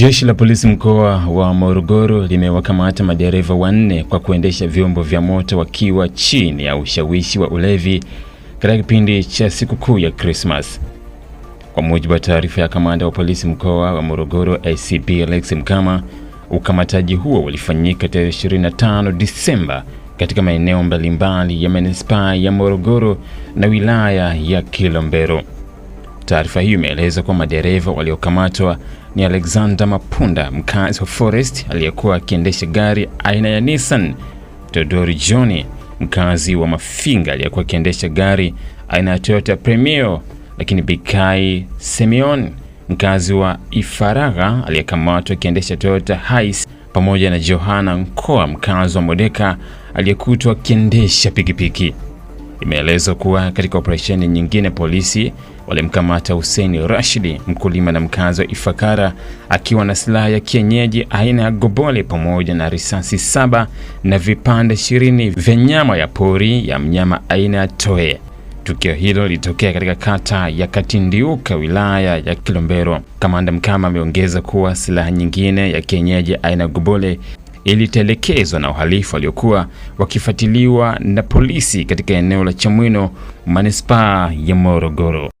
Jeshi la polisi mkoa wa Morogoro limewakamata madereva wanne kwa kuendesha vyombo vya moto wakiwa chini ya ushawishi wa ulevi katika kipindi cha sikukuu ya Christmas. Kwa mujibu wa taarifa ya kamanda wa polisi mkoa wa Morogoro ACP Alex Mkama, ukamataji huo ulifanyika tarehe 25 Disemba katika maeneo mbalimbali ya manispaa ya Morogoro na wilaya ya Kilombero. Taarifa hiyo imeeleza kuwa madereva waliokamatwa ni Alexander Mapunda, mkazi wa Forest, aliyekuwa akiendesha gari aina ya Nissan, Todori Johnny, mkazi wa Mafinga, aliyekuwa akiendesha gari aina ya Toyota Premio, lakini Bikai Simeon, mkazi wa ifaraga aliyekamatwa akiendesha Toyota Hiace, pamoja na Johana Nkoa, mkazi wa Modeka, aliyekutwa akiendesha pikipiki. Imeelezwa kuwa katika operesheni nyingine polisi walimkamata Hussein Rashidi, mkulima na mkazi wa Ifakara, akiwa na silaha ya kienyeji aina ya gobole pamoja na risasi saba na vipande ishirini vya nyama ya pori ya mnyama aina ya toe. Tukio hilo lilitokea katika kata ya Katindiuka, wilaya ya Kilombero. Kamanda Mkama ameongeza kuwa silaha nyingine ya kienyeji aina ya gobole ilitelekezwa na uhalifu waliokuwa wakifuatiliwa na polisi katika eneo la Chamwino, manispaa ya Morogoro.